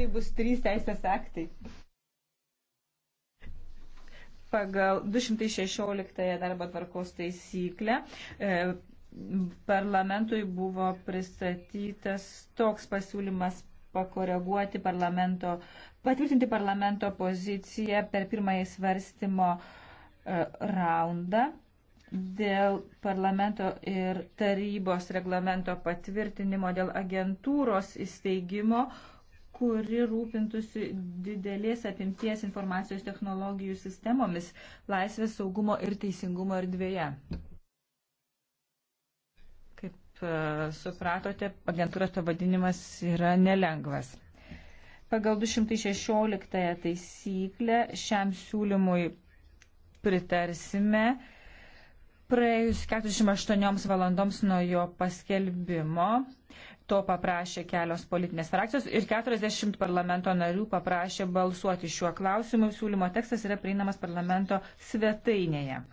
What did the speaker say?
Tai bus trys teisės aktai. Pagal 216 darbo tvarkos taisyklę e, parlamentui buvo pristatytas toks pasiūlymas pakoreguoti parlamento, patvirtinti parlamento poziciją per pirmąjį svarstymo e, raundą dėl parlamento ir tarybos reglamento patvirtinimo dėl agentūros įsteigimo, kuri rūpintųsi didelės apimties informacijos technologijų sistemomis laisvės, saugumo ir teisingumo erdvėje. Kaip e, supratote, agentūros pavadinimas yra nelengvas. Pagal 216 taisyklę šiam siūlymui pritarsime. Praėjus 48 valandoms nuo jo paskelbimo, to paprašė kelios politinės frakcijos ir 40 parlamento narių paprašė balsuoti šiuo klausimu. Siūlymo tekstas yra prieinamas parlamento svetainėje.